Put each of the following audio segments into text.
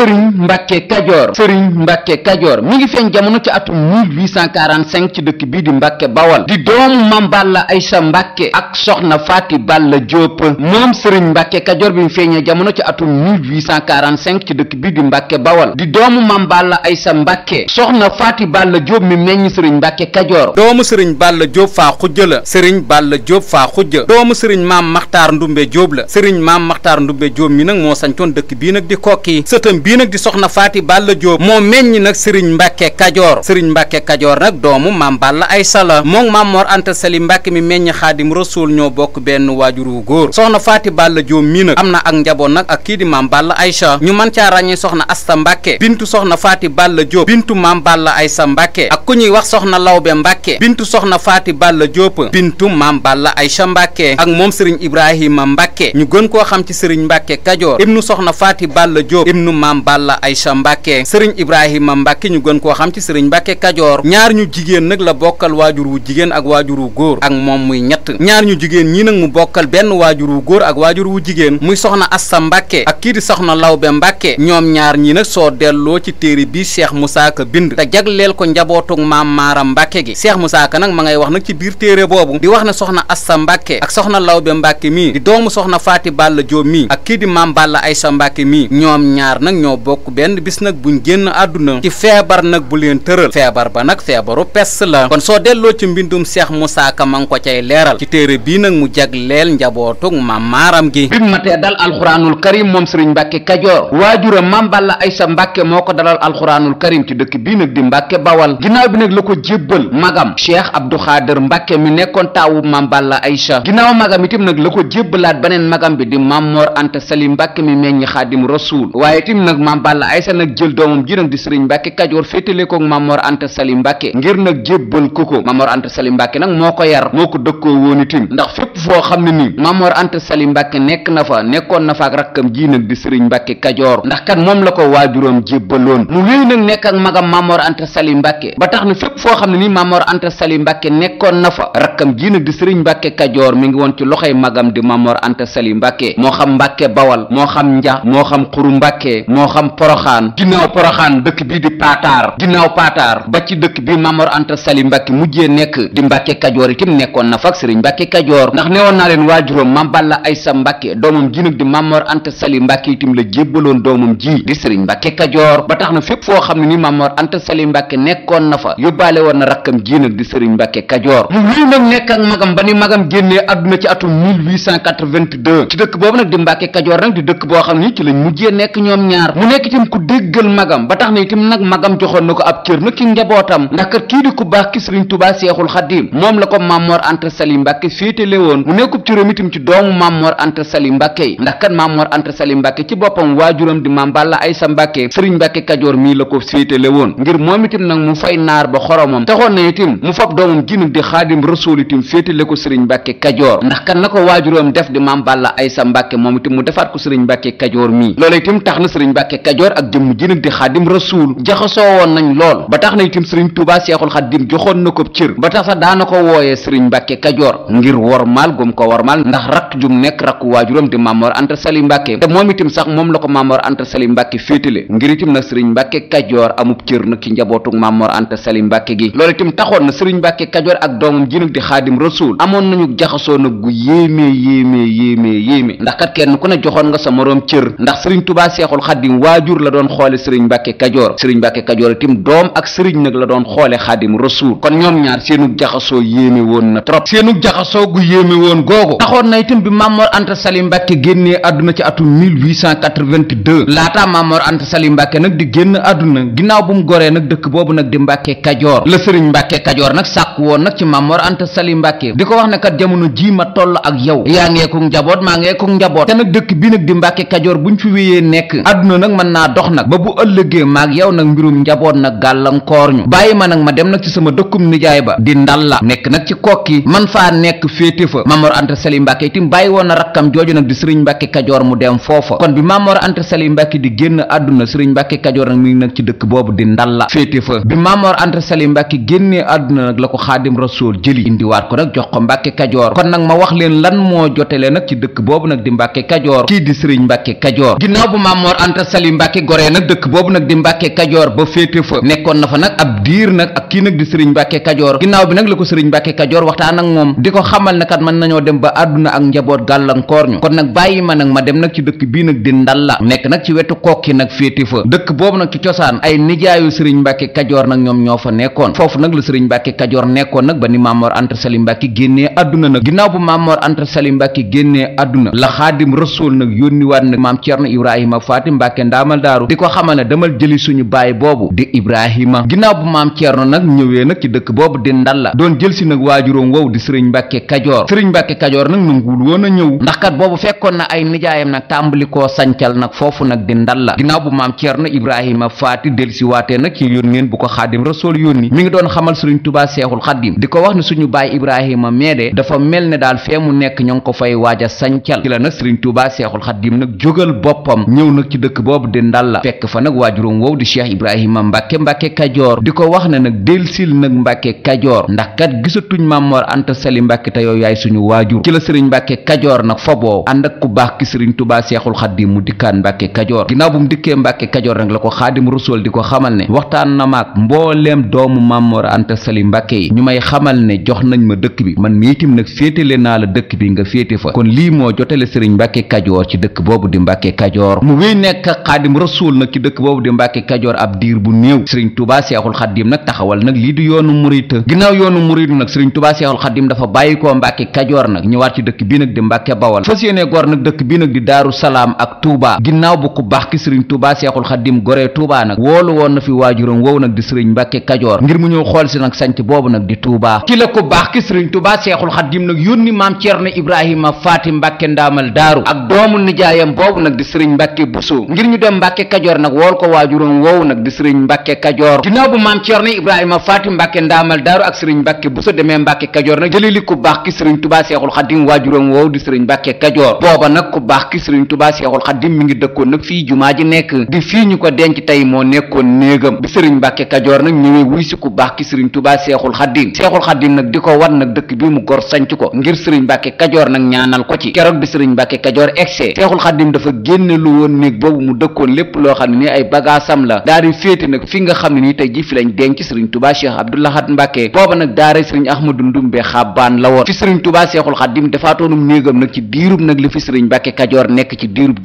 sëriñ mbàkke kajoor sëriñ mbàkke kajoor mi ngi feeñ jamono ci atum 1845 ci dëkk bii di mbàkke bawal di doomu mam balla aysa mbàkke ak soxna faati balla jóob moom sëriñ mbàkke kajoor bi mu feeñee jamono ci atum 1845 ci dëkk bii di mbàkke bawal di doomu mam balla aysa mbàkke soxna faati balla jóob mi meññ sëriñ mbàkke kajoor doomu sëriñ balla jóob faa xujja la sëriñ balla jóob faa xujja doomu sëriñ maam maxtaar ndumbe jóob la sëriñ maam maxtaar ndumbe jóob mi nag moo sañcoon dëkk bii nag di kokki sëtam bi bii nag di soxna faati balla jóob moo meññ nag sëriñ mbàkke kajoor sëriñ mbàkke kajoor nag doomu maam balla ay sala moom maam mor anta sali mbàkke mi meññ xaadim rasuul ñoo bokk benn waajur wu góor soxna faati balla jóob mii nag am na ak njaboot nag ak kii di maam balla aysa ñu mën caa ràññee soxna asta mbàkke bintu soxna faati balla jóob bintu maam balla aysa mbàkke ak ku ñuy wax soxna lawbe mbàkke bintu soxna faati balla jóob bintu maam balla aysa mbàkke ak moom sëriñ ibrahima mbàkke ñu gën koo xam ci sëriñ mbàkke kajoor ibnu soxna faati balla jóob la ay Aïcha Mbacke sëriñ Ibrahima Mbacke ñu gën koo xam ci sëriñ Mbacke Kajoor ñaar ñu jigéen nag la bokkal waajur wu jigéen ak waajur wu góor ak moom muy ñett ñaar ñu jigéen ñii nag mu bokkal benn waajur wu góor ak waajur wu jigéen muy soxna Assa Mbacke ak kii di soxna Lawbe Mbacke ñoom ñaar ñii nag soo delloo ci téere bi Cheikh mu saaka bind te jagleel ko njabootug maam Maara Mbacke gi Cheikh Moussa Ka nag ma ngay wax nag ci biir téere boobu di wax ne soxna Assa Mbacke ak soxna Lawbe Mbacke mii doomu soxna Faati Balla Joob mii ak kii di maam Balla Aïcha Mbacke mii ñoo bokk benn bis nag buñ génn àdduna ci feebar nag bu leen tëral feebar ba nag feebaru pes la kon soo delloo ci mbindum Seex Musaa ma ngi ko cay leeral ci téere bii nag mu jag leel njabootug maam maaram gi bi ma tee dal alxuraanul karim moom sëriñ Mbàkke Kajoor waajuram maam Balla Aysa Mbàkke moo ko dalal alxuraanul karim ci dëkk bii nag di Mbàkke Bawal ginnaaw bi nag la ko jébbal magam Cheikh Abdou Xaadir Mbàkke mi nekkoon taawu maam Balla Aysa ginnaaw magam itam nag la ko jébbalaat beneen magam bi di Maam Sali Mbàkke mi meññi nag maam Balla Aysa nag jël doomam ji nag di sëriñ Mbàkke Kajoor féetale ko ak Mamor Anta Sali Mbàkke ngir nag jébbal ko ko Mamor Anta ko yar moo ko dëkkoo woon itam ndax fépp foo xam ne nii Mamor Anta Sali Mbàkke na fa nekkoon na fa rakkam ji di sëriñ Mbàkke Kajoor mu ba tax na fépp foo xam ne nii Mamor Anta mi ngi woon ci loxoy magam di Mamor Anta Sali Mbàkke moo xam Mbàkke Bawal moo xam Nja moo xam Xuru Mbàkke moo xam poroxaan ginnaaw poroxaan dëkk bii di paataar ginnaaw paataar ba ci dëkk bi Mamor Anta Sali Mbàkke mujjee nekk di Mbàkke Kajoor itam nekkoon na fak sëriñ Mbàkke Kajoor ndax newoon naa leen waajuróom Mam Balla Aysa ji nag di Mamor ba tax na fépp foo xam ne ni Mamor Anta Sali Mbàkke nekkoon na fa yóbbaale woon na rakkam ji nag di sëriñ Mbàkke Kajoor mu wéy nag nekk ak magam ba ni magam génnee àdduna ci atum 1882 ci dëkk boobu nag di Mbàkke Kajoor nag di dëkk boo xam ne ci lañ mujjee nekk ñoom ñaar ñaar mu nekk itam ku déggal magam ba tax na itam nag magam joxoon na ko ab cër na ci njabootam ndax kat kii di ku baax ki sëriñ tubaa seexul xadim moom la ko mamor anta sali mbàkke féetale woon mu nekkub cëram itam ci doomu mamor anta sali mbàkke yi ndax kat mamor anta sali mbàkke ci boppam waajuram di maam balla aysa mbàkke sëriñ mbàkke kajoor mii la ko féetale woon ngir moom itam nag mu fay naar ba xoromam taxoon na itam mu fab doomam ji nag di xaadim rasul itam féetale ko sëriñ mbàkke kajoor ndax kan la ko waajuram def di maam ay sa mbàkke moom itam mu defaat ko sëriñ mbàkke kajoor mii loolu itam tax na sëriñ mbàkke kajoor ak jëmm ji nag di xaadim rasuul jaxasoo woon nañ lool ba tax na itam sëriñ tuubaa seexul xaadim joxoon na ko cër ba tax sax daana ko wooyee sëriñ mbàkke kajoor ngir wormaal gum ko wormaal ndax rakk jum nekk rakku waajuram di Mamor Anta Sali Mbàkke te moom itam sax moom la ko Mamor Anta Sali Mbàkke féetale ngir itam nag sëriñ mbàkke kajoor amub cër nag ci njabootuk Mamor Anta Sali Mbàkke gi loolu itam taxoon na sëriñ mbàkke kajoor ak doomam ji nag di xaadim rasuul amoon nañu jaxasoo nag gu yéemee yéemee yéemee yéemee ndax kat kenn ku ne joxoon nga sa moroom cër ndax sëriñ tuubaa seexul xaadim xaadim waajur la doon xoole sëriñ mbàkke kajoor sëriñ mbàkke kajoor itam doom ak sëriñ nag la doon xoole xaadim rasuul kon ñoom ñaar seenug jaxasoo yéeme woon na trop seenug jaxasoo gu yéeme woon googu taxoon na itam bi Mamor Anta Sali Mbàkke génnee àdduna ginnaaw bu mu goree nag dëkk boobu nag di Mbàkke Kajoor la sëriñ Mbàkke Kajoor nag sàkku woon nag ci Mamor Anta Sali Mbàkke di ko wax ne kat jamono ma toll ak yow yaa ngeekug njaboot maa ngeekug njaboot te nag dëkk bi nag di nag naa dox nag ba bu ëllëgee maag yow nag mbirum njaboot nag gàllankoor ñu bàyyi ma nag ma dem nag ci sama dëkkum nijaay ba di ndal la nekk nag ci kokki man faa nekk féete fa Mamor Anta Sali Mbàkke itam bàyyi woon na rakkam jooju nag di sëriñ Mbàkke Kajoor mu dem foofa kon bi Mamor Anta Sali Mbàkke di génn àdduna sëriñ Mbàkke Kajoor nag nag ci dëkk boobu di ndal la féete fa bi Mamor Anta Sali Mbàkke génnee àdduna la ko xaadim rasool jëli indiwaat ko nag jox ko Mbàkke Kajoor kon nag ma wax leen lan moo jotele nag ci dëkk boobu nag di Mbàkke Kajoor kii di sëriñ Mbàkke Kajoor ginnaaw bu Mamor Anta Saly Mbàkke goree nag dëkk boobu nag di Mbàkke Kajoor ba féete fa nekkoon na fa nag ab diir nag ak kii nag di sëriñ Mbàkke Kajoor ginnaaw bi nag la ko sëriñ Mbàkke Kajoor waxtaan moom di ko xamal mën nañoo dem ba àdduna ak njaboot gàllankoor kon nag bàyyi ma nag ma dem nag ci dëkk bii nag di Ndalla nekk nag ci wetu kokki nag féete fa dëkk boobu nag ci ay nijaayu sëriñ Mbàkke Kajoor nag ñoom ñoo fa nekkoon foofu nag la sëriñ Mbàkke Kajoor nekkoon nag ba ni Mamor Anta Saly Mbàkke génnee àdduna nag ginnaaw bu Mamor Anta Saly Mbàkke génnee àdduna la Xaadim Rasuul nag yónniwaat nag maam Ceerno Ibrahima Faati Mbàkke mbàkke ndaamal daaru di ko xamal ne demal jëli suñu baay boobu di ibrahima ginnaaw bu maam ceerno nag ñëwee nag ci dëkk boobu di ndalla doon jël si nag waajuróom wow di sëriñ mbàkke kajoor sëriñ mbàkke kajoor nag nanguwul woon a ñëw ndax kat boobu fekkoon na ay nijaayam nag tàmbali koo sancal nag foofu nag di ndalla ginnaaw bu maam ceerno ibrahima faati del si waatee nag ci yónneen bu ko xaadim rasool yónni mi ngi doon xamal sëriñ tubaa seexul xaadim di ko wax ne suñu baay ibrahima meede dafa mel ne daal fee mu nekk ñoo ngi ko fay waaj a sancal ci la nag sëriñ tubaa seexul xaadim nag jógal boppam ñëw nag ci dëkk dëkk boobu di ndalla fekk fa nag waajuróom woow di cheikh ibrahima mbàkke mbàkke kajoor di ko wax na nag delsil nag mbàkke kajoor ndax kat gisatuñ mammoor anta sali mbàkke te yow yaay suñu waajur ci la sëriñ mbàkke kajoor nag foboo ànd ak ku baax ki sëriñ tubaa seexul xaddim mu dikkaan mbàkke kajoor ginnaaw bu mu dikkee mbàkke kajoor nag la ko xaadim rusool di ko xamal ne waxtaan na maag mbooleem doomu mammoor anta sali mbàkke yi ñu may xamal ne jox nañ ma dëkk bi man mi itam nag féetale naa la dëkk bi nga féete fa kon lii moo jotale sëriñ mbàkke kajoor ci dëkk boobu di mbàkke kajoor ak xaadim rasuul nag ci dëkk boobu di mbàkke kajoor ab diir bu néew sëriñ tubaa seexul xaddim nag taxawal nag lii di yoonu murit ginnaaw yoonu murit nag sëriñ tubaa seexul xaddim dafa bàyyi koo mbàkke kajoor nag ñëwaat ci dëkk bii nag di mbàkke bawal fas yéene gor nag dëkk bii nag di daaru salaam ak tuubaa ginnaaw bu ku baax ki sëriñ tubaa seexul xaddim goree tuubaa nag woolu woon na fi waajuram wow nag di sëriñ mbàkke kajoor ngir mu ñëw xool si nag sanc boobu nag di tuubaa ki la ku baax ki sëriñ tubaa seexul xaddim nag yónni maam ceerno ibrahima faati mbàkke ndaamal daaru ak doomu nijaayam boobu nag di sëriñ mbàkke ngir ñu dem mbàkke kajoor nag wool ko waajuroom woowu nag di sëriñ mbàkke kajoor ginnaaw bu maam Cerno ibrahima faati mbàkke ku baax ki sëriñ tubaa seexul xadim waajuroom woowu di sëriñ mbàkke kajoor booba nag ku baax ki sëriñ tubaa seexul xadim mi ngi dëkkoon nag fii jumaa ji fii ñu ko denc tey moo nekkoon néegam bi sëriñ mbàkke kajoor nag ñëwee wuy si ku baax ki sëriñ tubaa seexul xadim seexul xadim nag di ko wan nag dëkk bi mu gor sanc ko ngir sëriñ mbàkke kajoor nag ñaanal ko ci keroog bi sëriñ mbàkke kajoor egsee seexul xadim dafa génne lu woon néeg boobu mu dëkkoon lépp loo xam ne ni ay bagaasam la daal di féete nag fi nga xam ne nii tey ji fi lañ denc sëriñ tubaa cheikh abdou mbàkke la woon fi sëriñ tubaa seexul xaddim li fi sëriñ mbàkke kajoor nekk ci diirub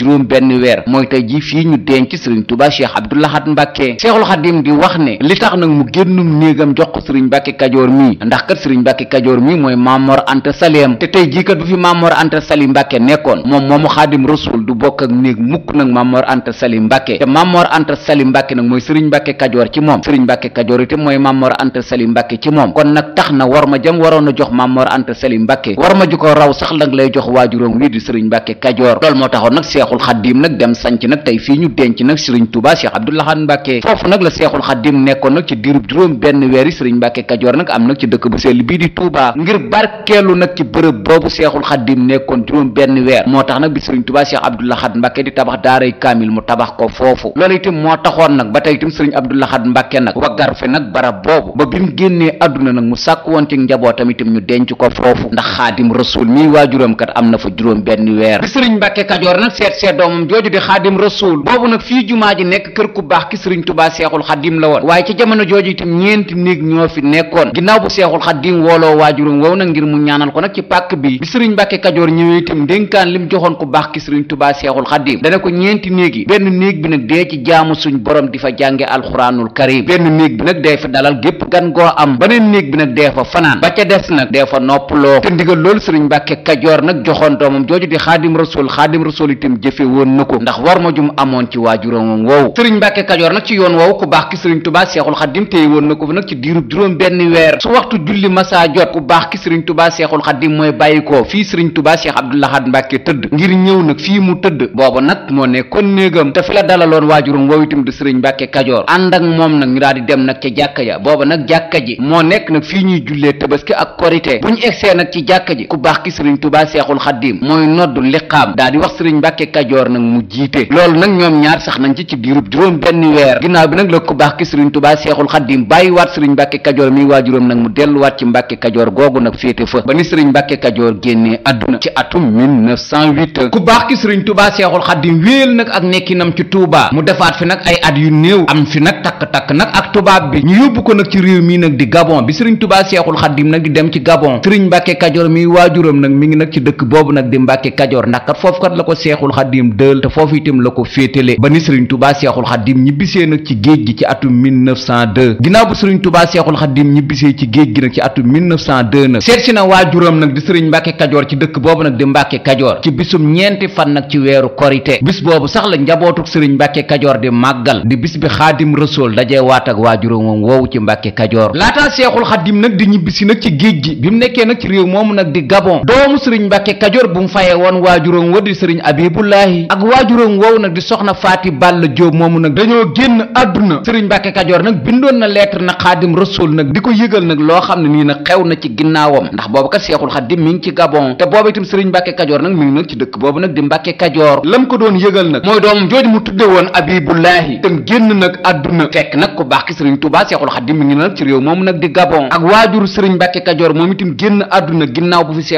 di wax ne li tax nag mu génnum néegam jox ko sëriñ mbàkke kajoor mii ndax kat sëriñ mbàkke kajoor mii mooy mamor anta salim te tey jii kat bu fi mamor anta sali mbàkke nekkoon moom moomu xaadim rasul du bokk ak néeg mukk nag mamor Anta Sali Mbàkke te Mamor Anta Sali Mbàkke nag mooy Serigne Mbàkke Kajoor ci moom Serigne Mbàkke Kajoor itam mooy Mamor Anta Sali Mbàkke ci moom kon nag tax na war ma jëm waroon a jox Mamor Anta Sali Mbàkke war ma ju raw sax nag lay jox waajuróom wii di Serigne Mbàkke Kajoor loolu moo taxoon nag Seexul Xaddiim nag dem sanc nag tey fii ñu denc nag Serigne Touba Cheikh Abdou Lahad Mbàkke foofu nag la Seexul Xaddiim nekkoon nag ci diirub juróom benn weer yi Serigne Mbàkke Kajoor nag am nag ci dëkk bu Seexul Xaddiim nekkoon juróom benn weer moo tax nag bi Serigne Touba kaamil mu tabax ko foofu loolu itam moo taxoon nag ba tey itam sëriñ Abdou Lahad Mbàkke nag waggar fi nag barab boobu ba bi mu génnee àdduna nag mu sàkk woon ci njabootam itam ñu denc ko foofu ndax xaadim rasul mii waajuram kat am na fa juróom benn weer ki sëriñ Mbàkke Kajoor nag seet seet doomam jooju di xaadim rasul boobu nag fii jumaa ji nekk kër ku baax ki sëriñ Tubaa seexul xadim la woon waaye ci jamono jooju itam ñeenti néeg ñoo fi nekkoon ginnaaw bu seexul xadim wooloo waajuram wow nag ngir mu ñaanal ko nag ci pàkk bi bi sëriñ Mbàkke Kajoor ñëwee itam dénkaan lim joxoon baax ki sëriñ Tubaa seexul xadim dana gi benn néeg bi nag dee ci jaamu suñ borom di fa jànge alxuraanul karim benn néeg bi nag dee fa dalal gépp gan goo am beneen néeg bi nag dee fa fanaan ba ca des nag dee fa noppaloo te ndigal loolu sëriñ mbàkke kajoor nag joxoon doomam jooju di xaadim rasul xaadim rasul itam jëfe woon na ko ndax war ma jum amoon ci waajuram woowu sëriñ mbàkke kajoor nag ci yoon woowu ku baax ki sëriñ tubaa seexul xaddim téye woon na ko nag ci diirub juróom benn weer su waxtu julli masaa jot ku baax ki sëriñ tubaa seexul xaddim mooy bàyyi ko fii sëriñ tubaa seex abdul ahad mbàkke tëdd ngir ñëw nag fii mu tëdd boobu nag néegam te fi la dalaloon waajurum woow itam di sëriñ mbàkke kajoor ànd moom nag ñu daal di dem nag ca jàkka ja booba nag jàkka ji moo nekk nag fii ñuy jullee tabaski ak korité bu ñu egsee nag ci jàkka ji ku baax ki sëriñ tubaa seexul xaddiim mooy nodd liqaam daal di wax sëriñ mbàkke kajoor nag mu jiite loolu nag ñoom ñaar sax nañ ci ci diirub juróom benn weer ginnaaw bi nag la ku baax ki sëriñ tubaa seexul xaddiim bàyyi waat sëriñ mbàkke kajoor mi waajuram nag mu delluwaat ci mbàkke kajoor googu nag féete fa ba ni sëriñ mbàkke kajoor génnee àdduna ci atum 1908 ku baax ki sëriñ tubaa seexul xaddiim wéel nag ak nekkinam ci Touba mu defaat fi nag ay at yu néew am fi nag takk-takk nag ak tubaab bi ñu yóbbu ko nag ci réew mii nag di Gabon bi sëriñ Touba Seexul Xaddim nag di dem ci Gabon sëriñ Mbàkke Kajoor mi waajuram nag mi ngi nag ci dëkk boobu nag di Mbàkke Kajoor ndax kat foofu kat la ko Seexul Xaddim dël te foofu itam la ko féetale ba ni sëriñ Touba Seexul Xaddim ñibbisee nag ci géej gi ci atum 1902 ginnaaw bu sëriñ Touba Seexul Xaddim ñibbisee ci géej gi nag ci atum 1902 nag seet si na waajuram nag di sëriñ Mbàkke ci dëkk boobu nag di Mbàkke Kajoor ci bisum ñeenti fan nag ci weeru korite la njabootuk sëriñ mbàkke kajoor di màggal di bis bi xaadim rësool dajee waat ak waajuróomam woowu ci mbàkke kajoor laataa seexul xadim nag di ñibbisi nag ci géej gi bi mu nekkee nag ci réew moomu nag di gabon doomu sëriñ mbàkke kajoor bu mu fayee woon waajuróom wa di sëriñ abibullaahi ak waajuróom woowu nag di soxna faati bàll jóob moomu nag dañoo génn àdduna sëriñ mbàkke kajoor nag bindoon na lettre nag xaadim rësool nag di ko yëgal nag loo xam ne nii nag na ci ginnaawam ndax boobu kat seexul xadim mi ngi ci mi ngi nag ci dëkk boobu nag di mbàkke kajoor doom jooju mu tudde woon abibullahi tam génn nag àdduna fekk nag ku baax ki sëriñ tubaa seexul xadim mi ngi nag ci réew moomu nag di gabon ak waajuru sëriñ mbàkke kajoor moom itam génn àdduna ginnaaw bu fi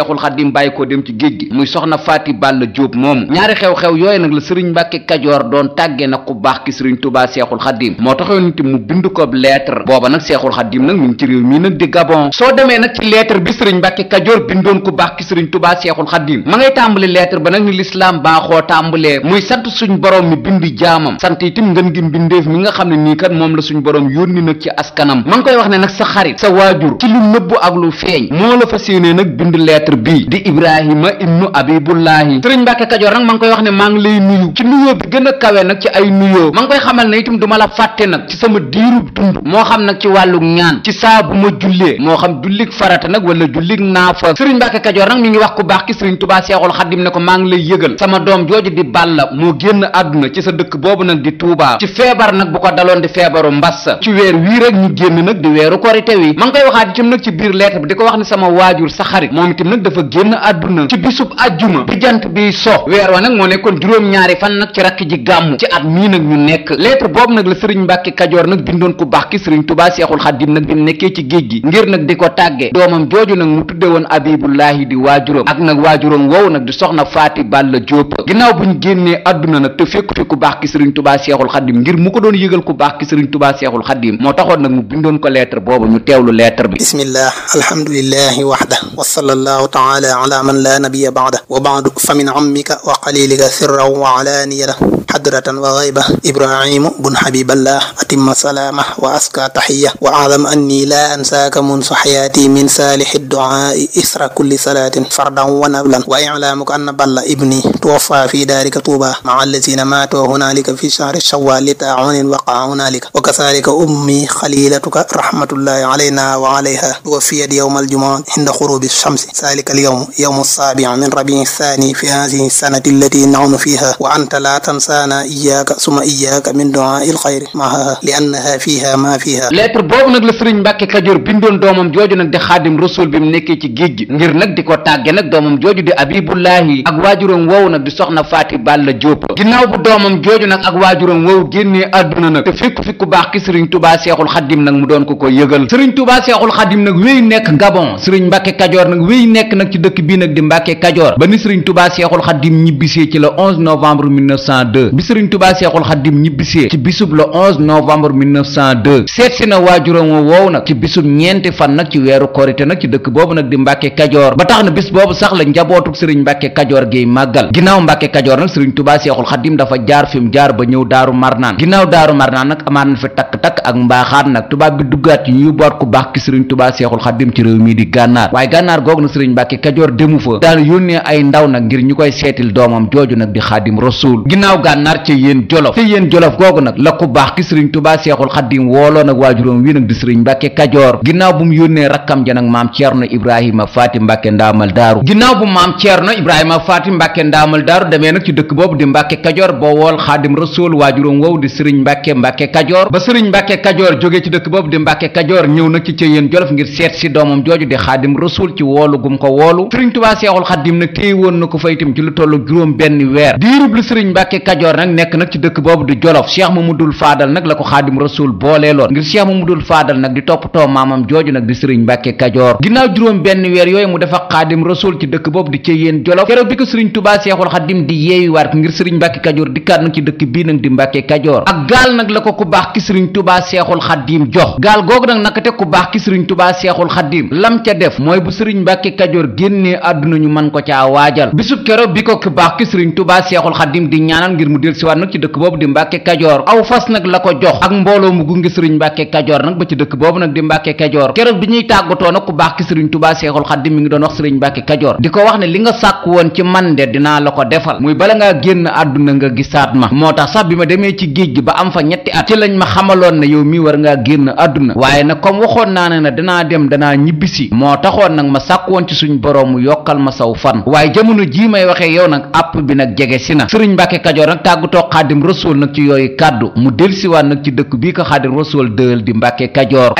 koo dem ci géej gi muy soxna faati balla jóob moomu ñaari xew-xew yooyu nag la sëriñ mbàkke kajoor doon tàggee nag ku baax ki sëriñ tubaa seexul xadim moo taxoon itam mu bind ko lettre booba nag seexul xadim nag mi ngi ci réew mii nag di gabon soo demee nag ci lettre bi sëriñ mbàkke kajoor bindoon ku baax ki sëriñ tubaa seexul xadim ma ngay tàmbali lettre ba nag ni lislaam baaxoo tàmbalee muy sant suñ suñ borom mi bind jaamam sant itam ngën gi mbindeef mi nga xam ne nii kat moom la suñ borom yónni nag ci askanam ma ngi koy wax ne nag sa xarit sa waajur ci lu nëbbu ak lu feeñ moo la fas yéenee nag bind lettre bii di ibrahima ibnu abibullahi sëriñ mbàkke kajoor nag ma ngi koy wax ne maa ngi lay nuyu ci nuyoo bi gën a kawe nag ci ay nuyoo man ngi koy xamal ne itam duma la fàtte nag ci sama diiru dund moo xam nag ci wàllu ñaan ci saabu bu ma jullee moo xam jullig farata nag wala jullig naafa sëriñ mbàkke kajoor nag mi ngi wax ku baax ki sëriñ tubaa seexul xaddim ne ko maa ngi lay yëgal sama doom jooju di balla moo génn génn àdduna ci sa dëkk boobu nag di Touba ci feebar nag bu ko daloon di feebaru mbas ci weer wii rek ñu génn nag di weeru korite wi ma ngi koy waxaat itam nag ci biir lettre bi di ko wax ni sama waajur sa xarit moom itam nag dafa génn àdduna ci bisub ajjuma bi jant biy so weer wa moo nekkoon juróom-ñaari fan nag ci rakk ji gàmmu ci at mii nag ñu nekk lettre boobu nag la sëriñ Mbàkke Kajoor nag bindoon ku baax ki sëriñ Touba Seexul Xadiim nag bi mu nekkee ci géej gi ngir nag di ko tàgge doomam jooju nag mu tudde woon Abibullahi di waajuram ak nag waajuram wow nag di soxna Faati Balla Jóob ginnaaw buñ génnee àdduna nag nag te fekku fi ku baax ki sëriñ tubaa seexul xaddim ngir mu ko doon yëgal ku baax ki sëriñ tubaa seexul xaddim moo taxoon nag mu bindoon ko lettre boobu ñu teewlu lettre bi bismillah alhamdulillahi waxda wa sallallahu taala ala man la nabiya baada wa baadu fa min ammika wa qalilika sirrahu wa alaaniyata xadratan wa xayba ibrahimu bun xabiballah atimma salaama wa aska taxiya wa aalam anni laa ansaaka munsu xayaati min saalixi duaai isra kulli salaatin fardan wa nablan wa ilaamuka anna balla ibni tuwafa fi daarika tuuba maa allazina maatoo hunaalika fi shahri shawal li taaunin waqaa hunaalika wa kasaalika ummi xalilatuka rahmatullahi alayna wa alayha tuwafiyat yowma aljumaa inda xurubi shamsi saalika alyowm yowmu saabi min rabii thani fi hadihi sanati allati naunu fiha wa anta laa tansa nafaana iyaaka suma iyaaka min doa il xayri maaha li boobu nag la sëriñ mbàkke kajoor bindoon doomam jooju nag di xaadim rasul bi mu nekkee ci géej gi ngir nag di ko tàgge nag doomam jooju di abibullahi ak waajuram woowu nag di soxna faati balla jóob ginnaaw bu doomam jooju nag ak waajuram woowu génnee àdduna nag te fekk fi ku baax ki sëriñ tubaa seexul xadim nag mu doon ko ko yëgal sëriñ tubaa seexul xadim nag wéy nekk gabon sëriñ mbàkke kajoor nag wéy nekk nag ci dëkk bii nag di mbàkke kajoor ba ni sëriñ 1902 bi sëriñ tubaa seexul xaddim ñibbisee ci bisub le 11 novembre 1902 seet si na waajuram wa woow nag ci bisub ñeenti fan nag ci weeru korite nag ci dëkk boobu nag di mbàkke kajoor ba tax na bis boobu sax la njabootuk sëriñ mbàkke kajoor giy màggal ginnaaw mbàkke kajoor nag sëriñ tubaa seexul xaddim dafa jaar fi mu jaar ba ñëw daaru marnaan ginnaaw daaru marnaan nag amaat na fi takk-takk ak mbaaxaat nag tubaab bi duggaat yi ñuy boot ku baax tubaa seexul xaddim ci réew mii di gànnaar waaye gànnaar googu nag sëriñ mbàkke kajoor demu fa daal yónnee ay ndaw nag ngir ñu koy seetil doomam jooju nag di xaadim gànnaar ca yéen jolof te yéen jolof googu nag la ku baax ki sëriñ tubaa seexul xaddim wooloo nag waajuróom wi nag di sëriñ mbàkke kajoor ginnaaw bu mu yónnee rakkam ja nag maam ceerno ibrahima faati mbàkke ndaamal daaru ginnaaw bu maam ceerno ibrahima faati mbàkke ndaamal daaru demee nag ci dëkk boobu di mbàkke kajoor boo wool xaadim rasool waajuróom wow di sëriñ mbàkke mbàkke kajoor ba sëriñ mbàkke kajoor jógee ci dëkk boobu di mbàkke kajoor ñëw nag ci ca yéen jolof ngir seet si doomam jooju di xaadim rasool ci woolu gum ko woolu sëriñ tubaa seexul xaddim nag téye woon na ko Kajoor nag nekk nag ci dëkk boobu di Jolof Cheikh Mamadul Faadal nag la ko Xaadim Rasuul boolee loon ngir Cheikh Mamadul Faadal nag di toppatoo maamam jooju nag di Sëriñ Mbàkke Kajoor ginnaaw juróom benn weer yooyu mu dafa Xaadim Rasuul ci dëkk boobu di Ceyeen Jolof keroog bi ko Sëriñ Tubaa Seexul Xaadim di yeewi waat ngir Sëriñ Mbàkke Kajoor dikkaat nag ci bii nag di Mbàkke Kajoor ak gaal nag la ko ku baax ki Sëriñ Tubaa Seexul Xaadim jox gaal googu nag naka te ku baax ki Sëriñ Tubaa Seexul Xaadim lam ca def mooy bu Sëriñ Mbàkke Kajoor génnee àdduna ñu mën ko caa waajal bisub keroog bi ko ku baax ki Tubaa Seexul Xaadim di mu del siwaat nag ci dëkk boobu di mbàkke kajoor aw fas nag la ko jox ak mbooloo mu gunge sëriñ mbàkke kajoor nag ba ci boobu nag di mbàkke kajoor keroog bi ñuy tàggatoo nag ku baax ki sëriñ tubaa seexul xaddim mi ngi di ko wax ne li nga woon ci man de dinaa la ko defal muy bala ngaa génn àdduna nga gisaat ma moo tax sax bi ma demee ci géej gi ba am fa ñetti at ci lañ ma xamaloon ne yow mii war ngaa génn àdduna waaye nag comme waxoon naa ne na danaa dem danaa ñibbisi moo taxoon nag ma sàkk woon ci suñ boroom mu yokkal ma saw fan waaye jamono jii may waxee yow nag àpp bi nag jege si na sëriñ mbàkke kajoor nag tàggutoo xaadim rasool nag ci yooyu kàddu mu delsiwaat nag ci dëkk bii ko xaadim rasool dëël di mbàkke kajoor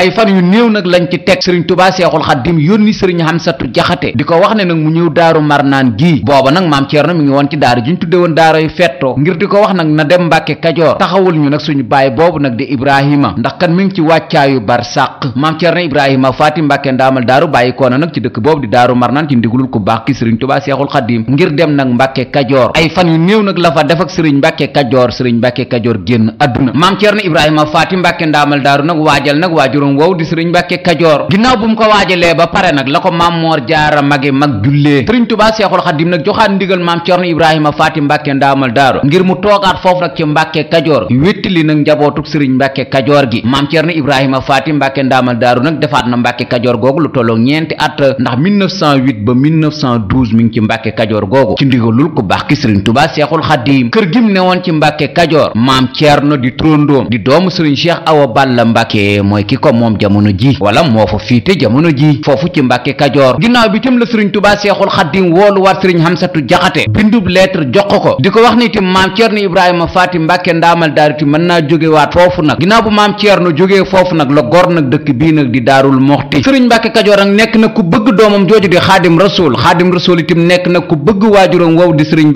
wax ne nag mu ñëw daaru marnaan gii booba nag maam ceerno mi ngi woon ci daara woon daara yu fettoo ngir di ko wax nag na dem mbàkke kajoor taxawul ñu nag suñu baay boobu nag di ibrahima ndax kan mi ngi ci wàccaayu bar sàq maam ceerno ibrahima faati mbàkke ndaamal daaru bàyyi koona nag ci dëkk boobu di daaru marnaan ci ndigalul ku baax ki sëriñ tubaa seexul xaadim ngir dem nag mbàkke kajoor ay fan yu néew nag la fa def sëriñ mbàkke kajoor sëriñ mbàkke kajoor génn àdduna maam Thierno Ibrahima Faty Mbàkke ndaamal daaru nag waajal nag waajuram wow di sëriñ mbàkke kajoor ginnaaw bu mu ko waajalee ba pare nag la ko maam moor jaara mage mag jullee sëriñ tubaa seexul xadim nag joxaat ndigal maam Thierno Ibrahima Faty Mbàkke ndaamal daaru ngir mu toogaat foofu nag ci mbàkke kajoor wéttali nag njabootug sëriñ mbàkke kajoor gi maam Thierno Ibrahima Faty nag defaat na mbàkke kajoor googu lu tolloo ñeenti at ndax 1908 ba 1912 mi ngi ci mbàkke kajoor googu ci ndigalul ku baax ki mu ne woon ci mbàkke kajoor maam ceerno di tróndóom di doomu sëriñ cheikh awa balla mbàkke mooy ki ko moom jamono ji wala moo fa fiite jamono ji foofu ci mbàkke kajoor ginnaaw bi tam la sëriñ tubaa seexul xaddim woolu waat sëriñ xamsatu jaxate bindub lettre jox ko di ko wax ni itam maam ceerno ibrahima faati mbàkke ndaamal daariti mën naa jóge waat foofu nag ginnaaw bu maam ceerno jógee foofu nag la gor nag dëkk bii nag di daarul moxti sëriñ mbàkke kajoor nag nekk na ku bëgg doomam jooju di xaadim rasul xaadim rasul itam na ku bëgg waajuram wow di sëriñ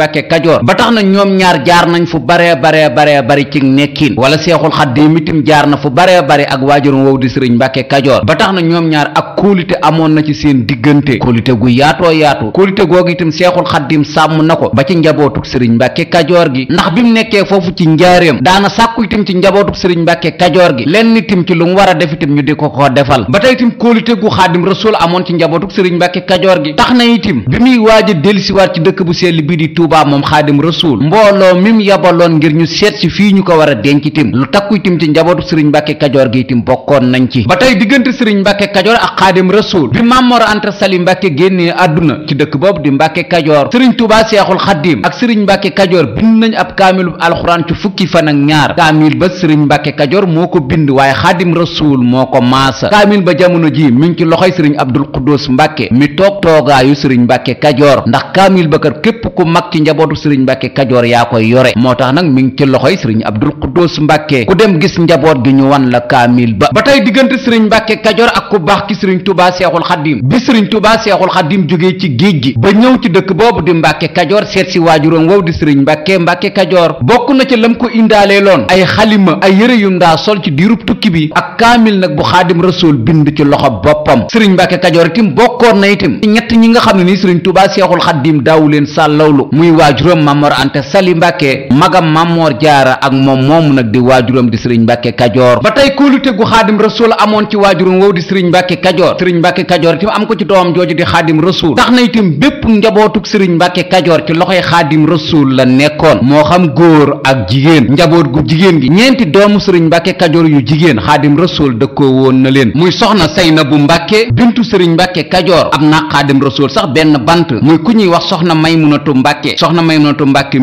jaar nañ fu baree baree baree bari ci nekkin wala seexul xaddim itam jaar na fu baree bari ak waajuram wow di sëriñ mbàkke kajoor ba tax na ñoom ñaar ak kóolite amoon na ci seen diggante kóolite gu yaatoo yaatu kóolite googu itam seexul xaddim sàmm na ko ba ci njabootuk sëriñ mbàkke kajoor gi ndax bi mu nekkee foofu ci njaareem daana sàkku itam ci njabootuk sëriñ mbàkke kajoor gi lenn itam ci lu mu war a def itam ñu di ko ko defal ba te itam kóolite gu xaadim rasul amoon ci njabootuk sëriñ mbàkke kajoor gi tax na itam bi muy waaj a dellusiwaat ci dëkk bu sell bii di tuubaa moom xaadim rasul mbooloo mim yabaloon ngir ñu seet si fii ñu ko war a denc itam lu takku itam ci njabootu sëriñ mbàkke kajoor gi itam bokkoon nañ ci ba tey diggante sëriñ mbàkke kajoor ak xaadim rasuul bi maam mor anta sali mbàkke génnee àdduna ci dëkk boobu di mbàkke kajoor sëriñ tubaa seexul xaddim ak sëriñ mbàkke kajoor bind nañ ab kaamilu alxuraan ci fukki fan ak ñaar kaamil ba sëriñ mbàkke kajoor moo ko bind waaye xaadim rasuul moo ko maasa kaamil ba jamono ji mi ngi ci loxoy sëriñ abdul xuddoos mbàkke mi toog toogaayu sëriñ mbàkke kajoor ndax kaamil ba képp ku mag ci njabootu sëriñ mbàkke kajoor yaa yore moo tax nag mi ngi ci loxoy sëriñ Abdul Xuddus Mbàkke ku dem gis njaboot gi ñu wan la kaamil ba ba tey diggante sëriñ Mbàkke Kajoor ak ku baax ki sëriñ Tubaa Seexul Xaddim bi sëriñ Tubaa Seexul Xaddim jógee ci géej gi ba ñëw ci dëkk boobu di Mbàkke Kajoor si waajuroom wow di sëriñ Mbàkke Mbàkke Kajoor bokk na ca lam ko indaalee loon ay xalima ay yëre yum daa sol ci diirub tukki bi ak kaamil nag bu xaadim rasul bind ci loxo boppam sëriñ Mbàkke Kajoor itam bokkoon na itam ñett ñi nga xam ne nii sëriñ Tubaa Seexul Xaddim daawu leen sàllawlu muy waajuroom Mamor Anta Sali Mbàkke mbàkke magam mammoor jaara ak moom moomu nag di waajuram di sëriñ mbàkke kajoor ba tey kóolute gu xaadim rasul amoon ci waajuram wow di sëriñ mbàkke kajoor sëriñ mbàkke kajoor itam am ko ci doomam jooju di xaadim rasul tax na itam bépp njabootuk sëriñ mbàkke kajoor ci loxoy xaadim rasul la nekkoon moo xam góor ak jigéen njaboot gu jigéen gi ñeenti doomu sëriñ mbàkke kajoor yu jigéen xaadim rasul dëkkoo woon na leen muy soxna Saynabu mbàkke bintu sëriñ mbàkke kajoor am na xaadim rasul sax benn bant muy ku ñuy wax soxna Maymunatu mbàkke soxna Maymunatu mbàkke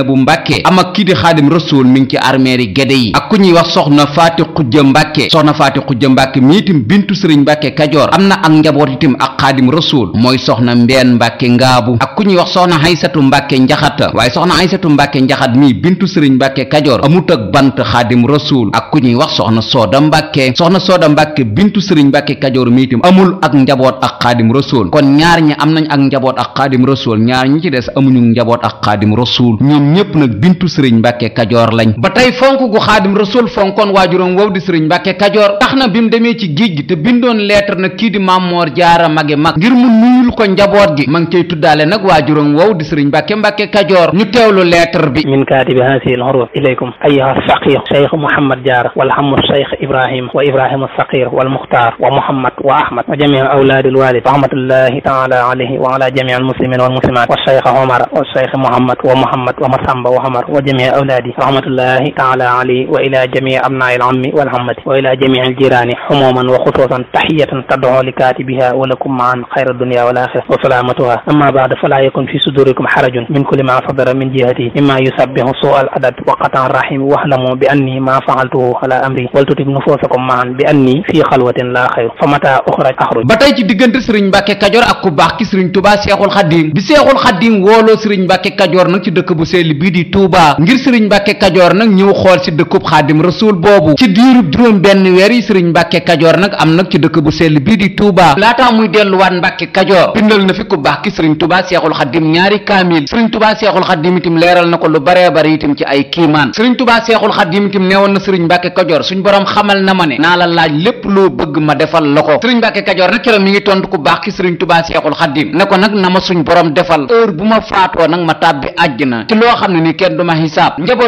Seynabu Mbàkke am ak kii di xaadim rasuul mi ngi ci armeeri Gédé yi ak ku ñuy wax soxna faati xujja Mbàkke soxna faati xujja Mbàkke mi itam bintu sëriñ Mbàkke Kajoor am na ak njaboot itam ak xaadim rasuul mooy soxna mbeen Mbàkke ngaabu ak ku ñuy wax soxna Aysatu Mbàkke njaxata waaye soxna Aysatu Mbàkke njaxat mii bintu sëriñ Mbàkke Kajoor amut ak bant xaadim rasuul ak ku ñuy wax soxna Sooda Mbàkke soxna Sooda Mbàkke bintu sëriñ Mbàkke Kajoor mi itam amul ak njaboot ak xaadim rasuul kon ñaar ñi am nañ ak njaboot ak xaadim rasuul ñaar ñi ci des amuñu njaboot ak xaadim rasuul ñoom ñoom ñépp nag bintu sëriñ mbàkke kajoor lañ ba tey fonk gu xaadim rasul fonkoon waajuroom wow di sëriñ mbàkke kajoor tax na bi mu demee ci géej gi te bindoon lettre na kii di mammoor jaara magi mag ngir mu nuyul ko njaboot gi ma ngi cay tuddaale nag waajuroom wow di sëriñ mbàkke mbàkke kajoor ñu teewlu lettre bi min kaatibi haasihi l-urwa ilaykum ayyuha faqih cheikh mouhamad jaara wal hamu cheikh ibrahim wa ibrahima alfaqir walmuxtar wa mouhamad mu ahmad wa jamii awlaadi alwalid rahmatullahi taala alayhi wa ala jamii almuslimin walmuslimat wa cheikh omar wa cheikh mohamad wa mohamad Samba wa Xamar wa jamii awlaadi wa rahmatullahi taala alayhi wa ila jamii abnaai alammi walhammati wa ila jamii aljiraani xumuman wa xusuusan taxiyatan tadoo li kaatibiha wa lakum maan xayra dunia wal axira wa salaamatuha amma baada falaa yakun fi sudurikum xarajun min kulli ma sadara min jihati mimma yusabbihu suu al adab wa qatan rahim wahlamu bi anni ma faaltuhu ala amri waltutib nufuusakum maan bi anni fii xalwatin laa xayru fa mata uxraj axruj ba tey ci diggante sëriñ Mbàkke Kajoor ak ku baax ki sëriñ Tuubaa Seexul Xadiim bi Seexul Xadiim wooloo sëriñ Mbàkke Kajoor nag ci dëkk bu sell ville bii di Touba ngir sëriñ Mbàkke Kajoor nag ñëw xool si dëkkub xaadim rasuul boobu ci diirub juróom benn weer yi sëriñ Mbàkke Kajoor nag am nag ci dëkk bu sell bii di Touba laataa muy delluwaat Mbàkke Kajoor bindal na fi ku baax ki sëriñ Touba Seexul Xaadim ñaari kaamil sëriñ Touba Seexul Xaadim itam leeral na ko lu baree bari itam ci ay kiimaan sëriñ Touba Seexul Xaadim itam neewoon na sëriñ Mbàkke Kajoor suñ borom xamal na ma ne naa la laaj lépp loo bëgg ma defal la ko sëriñ Mbàkke Kajoor nag keroog mi ngi tontu ku baax ki sëriñ Touba Seexul Xaadim ne ko nag na ma suñ borom defal heure bu ma faatoo nag ma tàbbi àjjana ci loo xam ne ni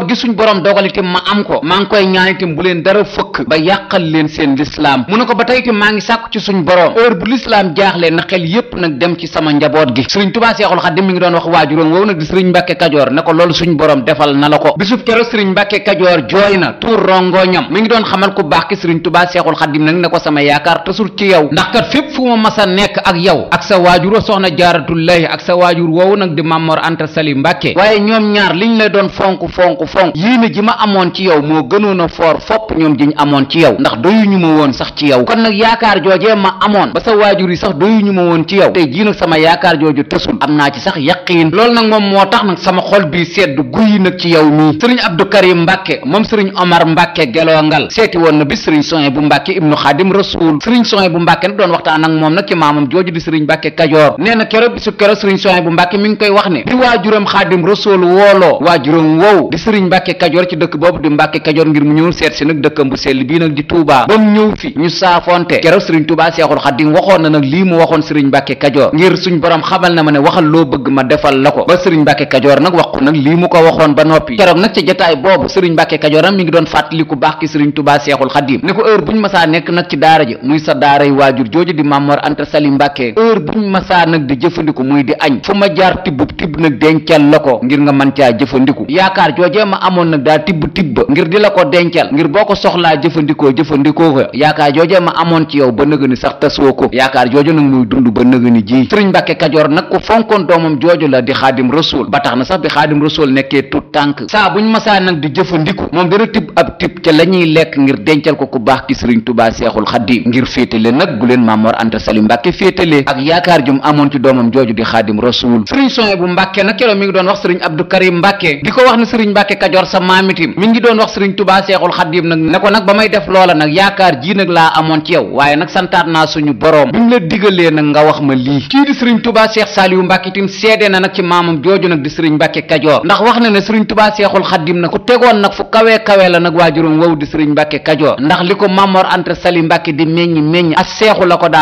gi suñ borom dogal itam ko maa leen dara leen seen lislaam mu ne ko ba tey itam maa ngi sàkku ci suñ borom heure bu lislaam jaaxle na xel yépp nag dem ci sama njaboot gi sëriñ tubaa seexul xadim mi ngi doon wax waajuroon woowu nag di sëriñ mbàkke kajoor ne ko loolu suñ borom defal na la ko bisub kero sëriñ mbàkke kajoor jooy na tuur rongooñam mi ngi doon xamal ku baax ki sëriñ tubaa seexul xadim nag ne ko sama yaakaar tasul ci yow ndax kat fépp fu ma masa nekk ak yow ak sa waajur soxna jaaratullahi ak sa waajur woowu nag di mamor anta sali mbàkke waaye ñoom li ñu la doon fonk fonk fonk yéene ji ma amoon ci yow moo gënoon a foor fopp ñoom jiñ amoon ci yow ndax doyu ñu ma woon sax ci yow kon nag yaakaar joojee ma amoon ba sa waajur yi sax doyu ñu ma woon ci yow tey jii nag sama yaakaar jooju tësul am naa ci sax yaqiin loolu nag moom moo tax nag sama xol bii sedd guyi nag ci yow mii sëriñ Abdou Karim Mbàkke moom sëriñ Omar Mbàkke Gelongal seeti woon na bi sëriñ Sohaybu bu Mbàkke ibnu Xaadim Rasuul sëriñ Sohaybu bu Mbàkke nag doon waxtaan ak moom nag ci maamam jooju di sëriñ Mbàkke Kajoor nee na kero bisu kero sëriñ Sohaybu bu Mbàkke mi ngi koy wax ne bi waajuram Xaadim Rasuul wooloo waa juróom woow di sëriñ mbàkke kajoor ci dëkk boobu di mbàkke kajoor ngir mu ñëw seet si nag dëkkam bu sell bii nag di tuubaa ba mu ñëw fi ñu saafonte keroog sëriñ tuubaa seexul xaddim waxoon na nag lii mu waxoon sëriñ mbàkke kajoor ngir suñ borom xamal na ma ne waxal loo bëgg ma defal la ko ba sëriñ mbàkke kajoor nag wax ko nag lii mu ko waxoon ba noppi keroog nag ca jotaay boobu sëriñ mbàkke kajoor am mi ngi doon fàttali ku baax ki sëriñ tuubaa seexul xaddim ne ko heure buñ masaa nekk nag ci daara ji muy sa daaray waajur jooju di mamor anta sali mbàkke heure buñ masaa nag di jëfandiku muy di añ fu ma jaar tibbub tibb nag dencal la ko ngir nga man man caa jëfandiku yaakaar joojee ma amoon nag daa tibb tibb ngir di la ko dencal ngir boo ko soxlaa jëfandikoo jëfandikoo ko yaakaar joojee ma amoon ci yow ba nëga ni ko yaakaar jooju nag muy dund ba nëga ni doomam jooju di xaadim rasul ba tax na sax bi xaadim rasul nekkee tut tànk saa buñ masaa nag di jëfandiku moom dana tibb ab la lekk ngir dencal ko ku baax ki sëriñ tubaa seexul xaddi ngir féetale nag gu leen maamoor anta sali mbàkke féetale ak yaakaar jum amoon ci doomam jooju di xaadim rasul sëriñ soñ bu mbàkke nag keroog mi ngi doon wax sëriñ abdou karim Karim Mbàkke di ko wax ne sëriñ Mbàkke Kajoor sa maamitim mi ngi doon wax sëriñ Tubaa Seexul Xadiim nag ne ko nag ba may def loola nag yaakaar ji nag laa amoon ci yow waaye nag santaat naa wax ma lii kii di sëriñ Tubaa Seex Saaliwu Mbàkke itam na nag ci maamam jooju nag di sëriñ Mbàkke na ne sëriñ Tubaa Seexul Xadiim nag ku tegoon ndax li ko Mamor Anta Sali Mbàkke di meññ meññ as seexu la ko la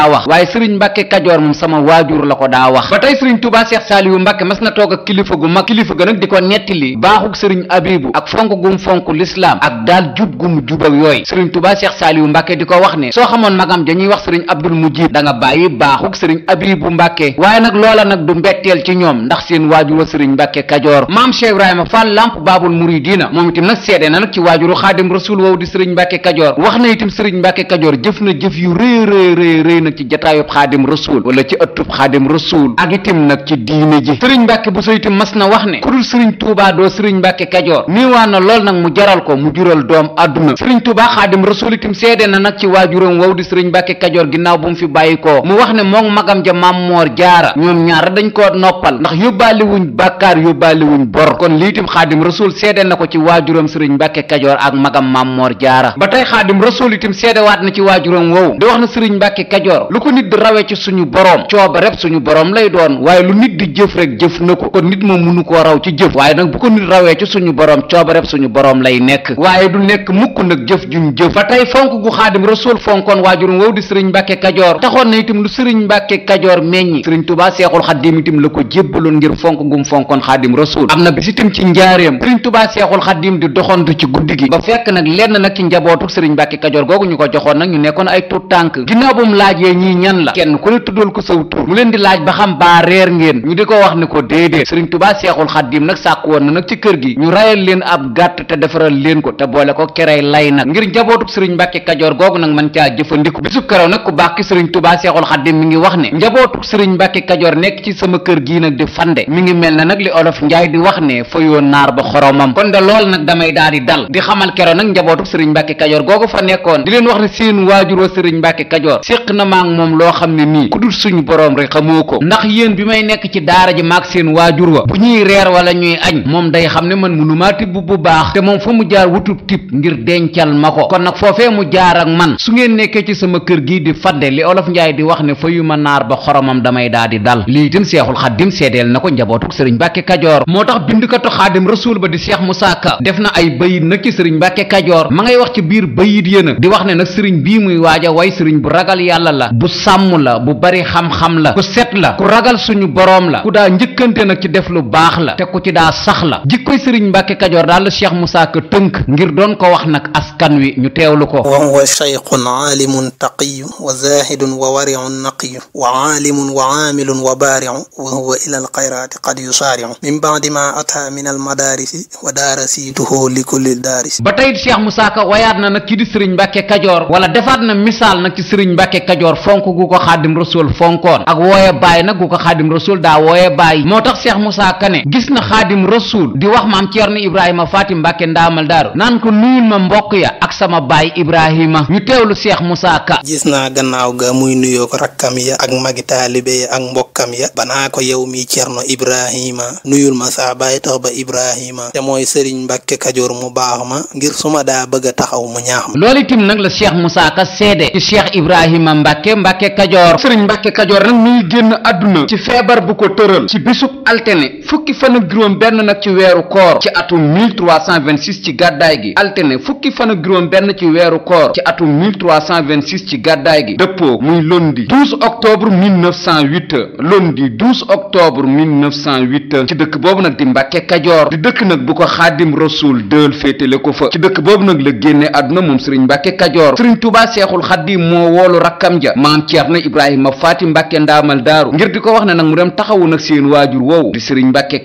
ko daa wax ba tey sëriñ Tubaa Seex Saaliwu Mbàkke mas na toog ak kilifa gu mag kilifa ga nag di ko nettali baaxug sëriñ abibu ak fonk gum fonk lislaam ak daal jub gum jub ak yooyu sëriñ tubaa seex saaliwu mbàkke di ko wax ne soo xamoon magam dañuy wax sëriñ abdul mujib da nga bàyyi baaxug sëriñ abibu mbàkke waaye nag loola nag du mbetteel ci ñoom ndax seen waajur wa sëriñ mbàkke kajoor maam cheikh ibrahima fall lamp baabul muridina moom itam nag seedee na nag ci waajuru xaadim rasul woowu di sëriñ mbàkke kajoor wax na itam sëriñ mbàkke kajoor jëf na jëf yu rëy rëy rëy rëy ci jataayub xaadim rasul wala ci ëttub ci diine ji sëriñ mbàkke bu so itam mas na sëriñ tuubaa doo sëriñ mbàkke kajoor niiwaan na lool nag mu jaral ko mu jural doom àdduna sëriñ tuubaa xaadim rasuul itam seede na nag ci waajuram wow di sëriñ mbàkke kajoor ginnaaw bu mu fi bàyyi ko mu wax ne moom magam ja maam moor jaara ñoom ñaar dañ ko noppal ndax yóbbaale wuñ bàkkaar yóbbaale wuñ bor kon liitam xaadim rasuul seede na ko ci waajuram sëriñ mbàkke kajoor ak magam maam moor jaara ba tey xaadim rasuul itam seedewaat na ci waajuram wow di wax na sëriñ mbàkke kajoor lu ko nit di rawee ci suñu boroom cooba rek suñu boroom lay doon waaye lu nit di jëf rek jëf na ko kon nit moom mënu koo raw ci jëf waaye nag bu ko nit rawee ci suñu boroom coobareb suñu boroom lay nekk waaye du nekk mukk nag jëf jum jëf ba tey fonk gu xaadim rasul fonkoon waajurum wow di sëriñ mbàkke kajoor taxoon na itam lu kajoor meññi sëriñ tubaa seexul xaddim itam la ko jébbaloon ngir fonk gum fonkoon xaadim rasul am na bis itam ci njaareem sëriñ tubaa seexul xaddim di doxantu ci guddi gi ba fekk nag lenn nag ki njabootu sëriñ mbàkke kajoor googu ñu ko joxoon nag ñu nekkoon ay tut tànk ginnaaw bu laaj laajee ñii ñan la kenn ku ne tuddal ko saw tur mu leen di laaj ba xam baa reer ngeen ñu di ko wax ni ko déedéet sëriñ tubaa seexul xaddim nag sàkk woon na nag ci kër gi ñu rayal leen ab gàtt te defaral leen ko te boole ko kerey lay nag ngir njabootub sëriñ mbàkki kajoor googu nag mën caa jëfandiku bisub keroog nag ku baax ki sëriñ tubaa seexul xaddim mi ngi wax ne njabootub sëriñ mbàkke kajoor nekk ci sama kër gii nag di fande mi ngi mel na nag li olof njaay di wax ne fayoon naar ba xoromam kon de lool nag damay daal di dal di xamal keroog nag njabootub sëriñ mbàkke kajoor googu fa nekkoon di leen wax ne seen waajur wa sëriñ mbàkke kajoor séq na maag moom loo xam ne nii ku dul suñu boroom rek xamoo ko ndax yéen bi may nekk ci daara ji maak seen waajur wa bu ñuy reer wala ñuy ñuy añ moom day xam ne man mënumaa tibb bu baax te moom fa mu jaar wutub tib ngir dencal ma ko kon nag foofee mu jaar ak man su ngeen nekkee ci sama kër gii di fadde li olof njaay di wax ne fa yu ma naar ba xoromam damay daa di dal lii itam seexul xaddim seedeel na ko njabootuk sëriñ mbàkke kajoor moo tax bindukatu xaadim rasuul ba di seex musaa def na ay bayit nag ci sëriñ mbàkke kajoor ma ngay wax ci biir bayit yéen a di wax ne nag sëriñ bii muy waaja way sëriñ bu ragal yàlla la bu sàmm la bu bari xam-xam la gi daa sax la jikkoy sëriñ mbàkke kajoor daal la cheikh Moussa Ka tënk ngir doon ko wax nag askan wi ñu teewlu ko wa huwa cheikhun aalimun taqiyu wa zaahidun wa wariun naqiyu wa aalimun wa aamilun wa baariu wa huwa ila alxayraati qad yusaariu min baadi ma ataa min almadaarisi wa daarasiituhu li kulli ba tey cheikh Moussa Ka wayaat na nag kii di sëriñ mbàkke kajoor wala defaat na misaal nag ci sëriñ mbàkke kajoor fonk gu ko xaadim rasul fonkoon ak wooye baay nag gu ko xaadim rasul daa wooye baay moo tax cheikh Moussa ne gis na xaadim rasul di wax maam Ceerno Ibrahima Faati Mbàkke ndaamal daaru naan ko nuyul ma mbokk ya ak sama baay Ibrahima ñu lu Seex Musaa Ka gis naa gannaaw ga muy nuyoo ko rakkam ya ak magi taalibe ya ak mbokkam ya banaa ko yow mi Ceerno Ibrahima nuyul ma saa baay tax ba Ibrahima te mooy Sëriñ Mbàkke Kajoor mu baax ma ngir suma daa bëgg a taxaw mu ñaax ma loolu itam nag la Seex musa Ka seede ci Seex Ibrahima Mbàkke Mbàkke Kajoor Sëriñ Mbàkke Kajoor benn nag ci weeru koor ci atum 1326 ci gàddaay gi altine fukki fan ak benn ci weeru koor ci atum 1326 ci gàddaay gi dëppoo muy lundi 12 octobre 1908 lundi 12 octobre 1908 ci dëkk boobu nag di Mbàkke Kajoor di dëkk nag bu ko xaadim rasul dël féetale ko fa ci dëkk boobu nag la génne àdduna moom sëriñ Mbàkke Kajoor sëriñ Tuubaa Seexul Xaadim moo woolu rakkam ja maam Ceerno Ibrahima Faati Mbàkke ndaamal daaru ngir di ko wax ne nag mu dem taxawu nag seen waajur woowu di sëriñ Mbàkke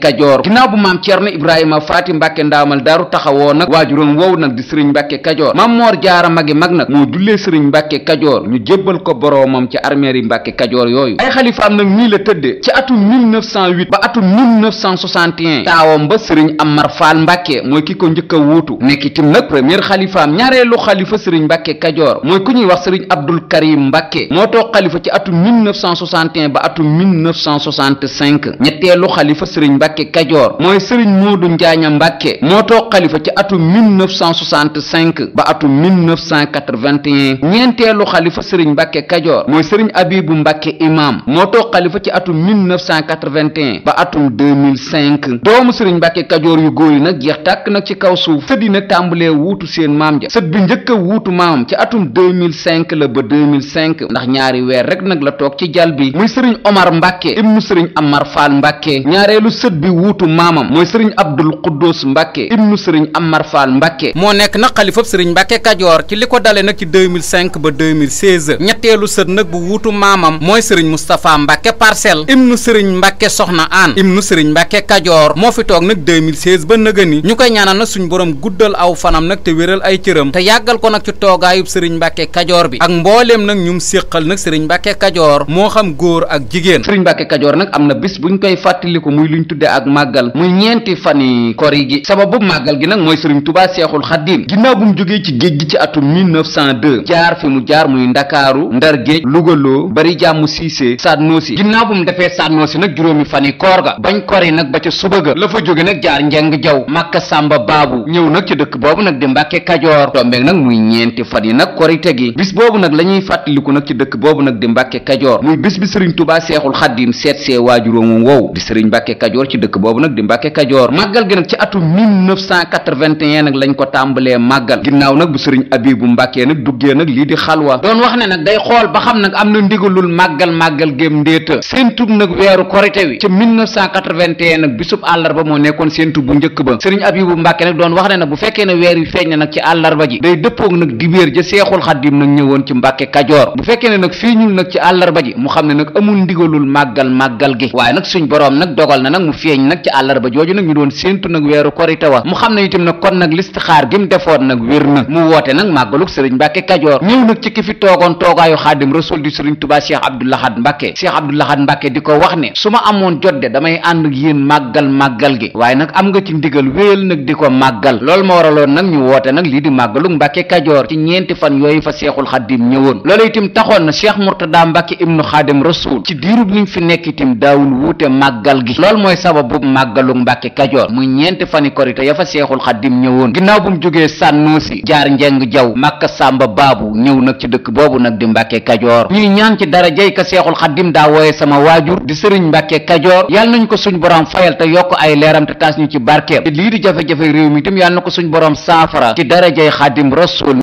ginnaaw bu maam Thierno Ibrahima Faty Mbacke ndaamal daaru taxawoo nag waajuroon woowu nag di sëriñ Mbacke Kajoor maam Moor Jaara magi mag nag moo jullee sëriñ Mbacke Kajoor ñu jébbal ko boroomam ci armeer yi Mbacke Kajoor yooyu ay xalifaam nag nii la tëddee ci atum 1908 ba atum 1961 taawam ba sëriñ Amar Fall Mbacke mooy ki ko njëkk a wuutu nekk itam nag premier xalifaam ñaareelu xalifa sëriñ Mbacke Kajoor mooy ku ñuy wax sëriñ Abdul Karim Mbacke moo toog xalifa ci atum 1961 ba atum 1965 ñetteelu xalifa sëriñ Mbacke Kajoor Senghor mooy sëriñ Moodu Njaaña Mbàkke moo toog xalifa ci atum 1965 ba atum 1981 ñeenteelu xalifa sëriñ Mbàkke Kajoor mooy sëriñ Abibu Mbàkke Imaam moo toog xalifa ci atum 1981 ba atum 2005 doomu sëriñ Mbàkke Kajoor yu góor yi nag jeex tàkk nag ci kaw suuf sët yi nag tàmbalee wuutu seen maam ja sët bi njëkk a wuutu maamam ci atum 2005 la ba 2005 ndax ñaari weer rek nag la toog ci jal bi muy sëriñ Omar Mbàkke ibnu sëriñ Amar Mbàkke ñaareelu sët bi wuutu maamam mooy sëriñ abdul quddus mbàkke ibnu sëriñ amar faal mbàkke moo nekk nag xalifab sëriñ mbàkke kajoor ci li ko dale nag ci 2005 ba 2016 ñetteelu sët nag bu wuutu maamam mooy sëriñ moustapha mbàkke parcelle ibnu sëriñ mbàkke soxna aan ibnu sëriñ mbàkke kajoor moo fi toog nag 2016 ba nëgëni ñu koy ñaanal nag suñ borom guddal aw fanam nag te wéral ay cëram te yàggal ko nag ci toogaayub sëriñ mbàkke kajoor bi ak mbooleem nag ñum séqal nag sëriñ mbàkke kajoor moo xam góor ak jigéen sëriñ mbàkke kajoor nag am na bis buñ koy fàttaliku muy luñ tudde ak màggal màggal muy ñeenti fani kori gi sababu màggal gi nag mooy sëriñ tubaa seexul xaddiim ginnaaw bu mu jógee ci gi ci atum 1902 jaar fi mu jaar muy ndakaaru ndar géej lugaloo bari jàmm siisee sànnoosi ginnaaw bu mu defee sànnoosi nag juróomi fani koor ga bañ kori nag ba ca suba ga la fa jóge nag jaar njeng jaw màkka sàmba baabu ñëw nag ci dëkk boobu nag di mbàkke kajoor tombeeg nag muy ñeenti fan yi nag korite gi boobu nag la ñuy fàttaliku nag ci dëkk boobu nag di mbàkke kajoor muy bis bi sëriñ tubaa seexul xaddiim seet see waajuróomu wow di sëriñ mbàkke kajoor ci dëkk boobu nag di mbàkke kajoor màggal gi nag ci atum 1981 nag lañ ko tàmbalee màggal ginnaaw nag bu sëriñ abibu mbàkkee nag duggee nag lii di xalwa doon wax ne nag day xool ba xam nag am na ndigalul màggal màggal géem ndéeta séentub nag weeru korite wi ci 1981 nag bisub àllarba nekkoon séentu bu njëkk ba sëriñ abibu mbàkke wax ne nag bu fekkee ne weer wi feeñ na nag ci àllarba ji day dëppoog nag dibéer ja seexul xaddim nag ñëwoon ci mbàkke kajoor bu fekkee ne nag xam ne nag amul ndigalul màggal màggal gi waaye nag suñ boroom nag dogal na nag mu feeñ nag ci àllarba jooju nag ñu doon séentu nag weeru korite wa mu xam ne itam na kon nag listixaar gi mu defoon nag wér na mu woote nag màggaluk sëriñ mbàkke kajoor ñëw nag ci toogoon toogaayu xaadim rasul di sëriñ tubaa cheikh abdoulahad mbàkke cheikh abdoulahad di ko wax ne su ma amoon damay ànd ak yéen màggal màggal gi waaye nag am nga ci ndigal wéyal nag di ko màggal loolu ma waraloon nag ñu woote nag lii di màggaluk mbàkke kajoor ci ñeenti fan yooyu fa seexul xaadim ñëwoon loolu itam taxoon na cheikh murtada mbàkke ibnu xaadim rasul ci diirub ñu fi nekk itam daawul wuute màggal gi loolu mooy sababu màggal màggalu mbàkke kajoor mu ñeenti fani korite ya fa seexul xaddim ñëwoon ginnaaw bu mu jógee sànnuusi jaar njeng jaw màkka sàmba baabu ñëw nag ci dëkk boobu nag di mbàkke kajoor ñuy ñaan ci dara jay ka seexul xaddim daa wooye sama waajur di sëriñ mbàkke kajoor yal nañ ko suñ borom fayal te yokk ay leeram te taas ñu ci barkeem lii di jafe-jafe réew mi itam yal na ko suñ borom saafara ci dara xaddim rasul